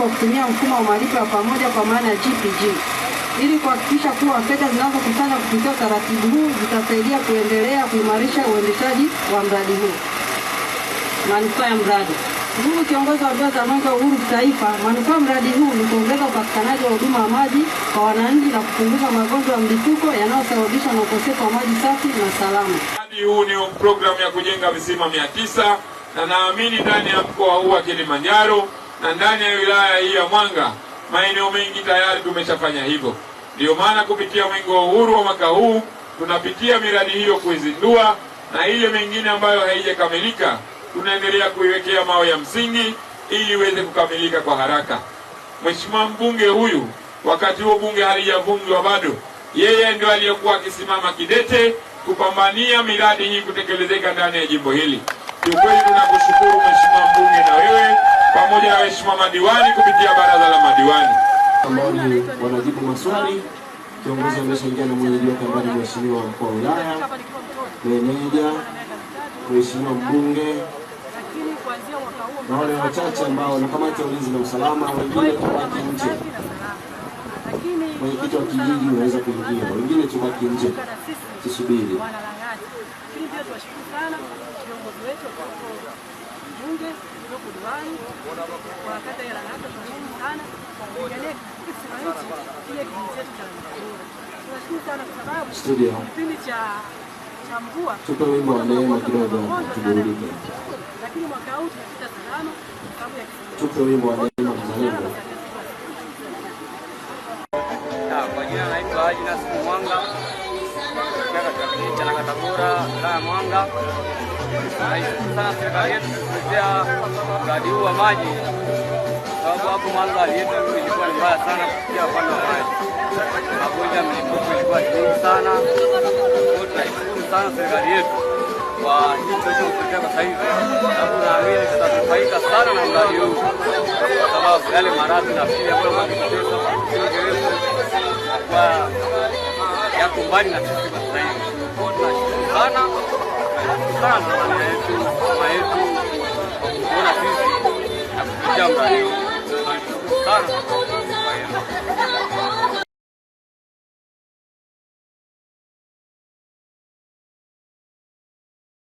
kwa kutumia mfumo wa malipo ya pamoja kwa maana ya GPG ili kuhakikisha kuwa fedha zinazokusanywa kupitia utaratibu huu zitasaidia kuendelea kuimarisha uendeshaji wa mradi huu. Manufaa ya mradi. Ndugu kiongozi wa Mbio za Mwenge wa Uhuru Kitaifa, manufaa ya mradi huu ni kuongeza upatikanaji wa huduma ya maji kwa wananchi na kupunguza magonjwa ya mlipuko yanayosababishwa na ukosefu wa maji safi na salama. Mradi huu ni programu ya kujenga visima mia tisa na naamini ndani ya mkoa huu wa Kilimanjaro na ndani ya wilaya hii ya Mwanga maeneo mengi tayari tumeshafanya hivyo. Ndiyo maana kupitia Mwenge wa Uhuru wa mwaka huu tunapitia miradi hiyo kuizindua, na ile mengine ambayo haijakamilika tunaendelea kuiwekea mawe ya msingi ili iweze kukamilika kwa haraka. Mheshimiwa mbunge huyu, wakati huo bunge halijavunjwa bado, yeye ndio aliyekuwa akisimama kidete kupambania miradi hii kutekelezeka ndani ya jimbo hili. Kiukweli tunakushukuru Mheshimiwa mbunge na wewe pamoja na waheshimiwa madiwani kupitia baraza la madiwani ambao ni wanajibu maswali, kiongozi ameshaingia na mwenyeji wake ambaye ni mheshimiwa mkuu wa wilaya, meneja, mheshimiwa mbunge na wale wachache ambao na kamati ya ulinzi na usalama, wengine tubaki nje, mwenyekiti wa kijiji unaweza kuingia, wengine tubaki nje tusubiri mbunge iliyoko Dubai kwa kata ya Lang'ata, tunaomba sana kupigania kiti cha kile kijiji chetu cha Lang'ata. Tunashukuru sana kwa sababu kipindi cha cha mvua tupe wimbo wa neema kidogo tuburudike, lakini mwaka huu tunapita salama sababu ya tupe wimbo wa neema kidogo. Kwa jina naitwa Haji Nasibu Mwanga, kata cha Lang'ata Bora, wilaya Mwanga naishukuru sana serikali yetu kutetea mradi huu wa maji, sababu hapo mwanzo hali yetu ilikuwa ni mbaya sana kufikia upande wa maji, magonjwa mlipuko ilikuwa ni sana. Kwa tunaishukuru sana serikali yetu kwa hicho chokutetea kwa sababu naamini tutanufaika sana na mradi huu, kwa sababu yale maradhi nafikiri ambayo makitesa kiingereza kwa yako mbali na sisi kwa sahivi. tunashukuru sana sana আমরা